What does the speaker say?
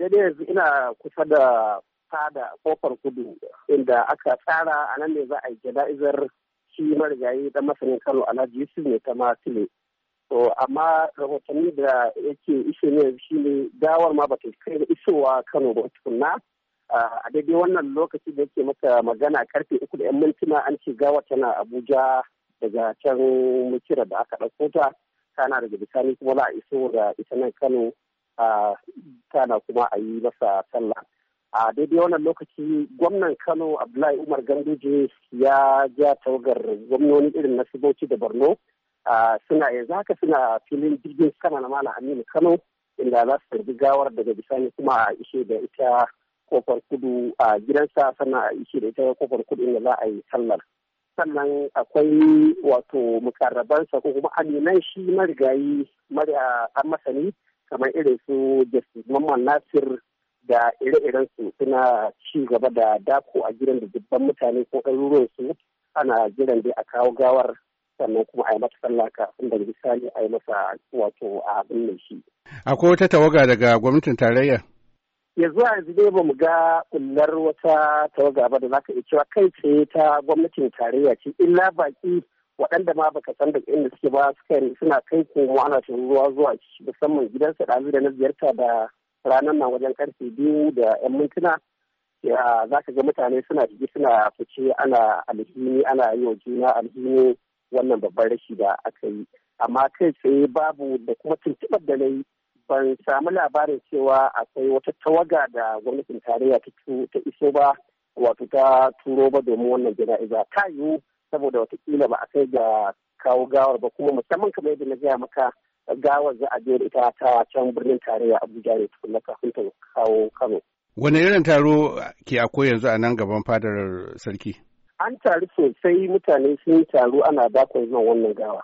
daidai yanzu ina kusa da fada kofar kudu inda aka tsara a nan ne za a yi jana'izar shi marigayi da masanin kano alhaji yusuf ne ta matile to amma rahotanni da yake ishe ne shi ne gawar ma bata kai da isowa kano ba tukunna a daidai wannan lokaci da yake maka magana karfe uku da yan mintuna an ce gawar tana abuja daga can mukira da aka ɗauko ta kana daga bisani kuma za a iso da ita nan kano na kuma a yi masa sallah a daidai wannan lokaci gwamnan kano abdullahi umar ganduje ya ja tawagar gwamnoni irin na siboci da borno suna yanzu haka suna filin jirgin sama na malam aminu kano inda za su tarbi gawar daga bisani kuma a ishe da ita kofar kudu a gidansa sannan a ishe da ita kofar kudu inda za a yi sallar sannan akwai wato mukarrabansa ko kuma aminan shi marigayi a masani kamar irin su Justice Mamman Nasir da ire-iren su suna ci gaba da dako a gidan da dubban mutane ko ɗaruruwan su ana jiran dai a kawo gawar sannan kuma a yi mata sallah kafin da bisani a yi masa wato a binne shi. Akwai wata tawaga daga gwamnatin tarayya? yanzu a yanzu dai ba mu ga kullar wata tawaga ba da za ka iya cewa kai tsaye ta gwamnatin tarayya ce illa baki waɗanda ma baka san daga inda suke ba suka suna kai komo ana ruwa zuwa musamman sa ɗazu da na ziyarta da ranar nan wajen karfe biyu da yan mintuna ya za ka ga mutane suna jiki suna fice ana alhini ana yi wa juna alhini wannan babban rashi da aka yi amma kai tsaye babu da kuma tuntuɓar da na yi ban samu labarin cewa akwai wata tawaga da gwamnatin tarayya ta iso ba wato ta turo ba domin wannan jana'iza ta yiwu saboda watakila ba a kai ga kawo gawar ba kuma musamman kamar yadda na gaya maka gawar za a je da ita ta can birnin tarayya abuja ne tukuna kafin ta kawo kano. wani irin taro ke akwai yanzu a nan gaban fadar sarki. an taru sosai mutane sun taru ana dakon zuwa wannan gawa.